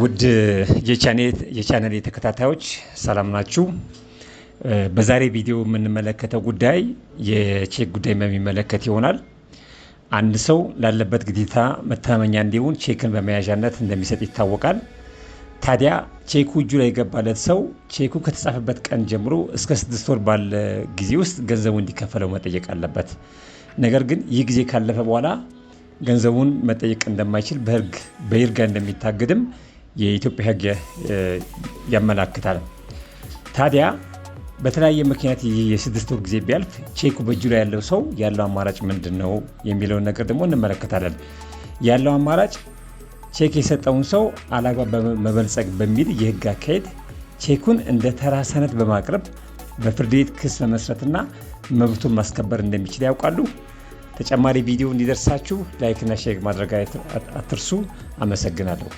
ውድ የቻነል ተከታታዮች ሰላም ናችሁ። በዛሬ ቪዲዮ የምንመለከተው ጉዳይ የቼክ ጉዳይ በሚመለከት ይሆናል። አንድ ሰው ላለበት ግዴታ መተማመኛ እንዲሆን ቼክን በመያዣነት እንደሚሰጥ ይታወቃል። ታዲያ ቼኩ እጁ ላይ የገባለት ሰው ቼኩ ከተጻፈበት ቀን ጀምሮ እስከ ስድስት ወር ባለ ጊዜ ውስጥ ገንዘቡ እንዲከፈለው መጠየቅ አለበት። ነገር ግን ይህ ጊዜ ካለፈ በኋላ ገንዘቡን መጠየቅ እንደማይችል በህግ በይርጋ እንደሚታገድም የኢትዮጵያ ሕግ ያመላክታል። ታዲያ በተለያየ ምክንያት የስድስት ወር ጊዜ ቢያልፍ ቼኩ በእጁ ላይ ያለው ሰው ያለው አማራጭ ምንድን ነው የሚለውን ነገር ደግሞ እንመለከታለን። ያለው አማራጭ ቼክ የሰጠውን ሰው አላግባብ በመበልጸግ በሚል የህግ አካሄድ ቼኩን እንደ ተራ ሰነድ በማቅረብ በፍርድ ቤት ክስ መመስረትና መብቱን ማስከበር እንደሚችል ያውቃሉ። ተጨማሪ ቪዲዮ እንዲደርሳችሁ ላይክና ሼር ማድረግ አትርሱ። አመሰግናለሁ።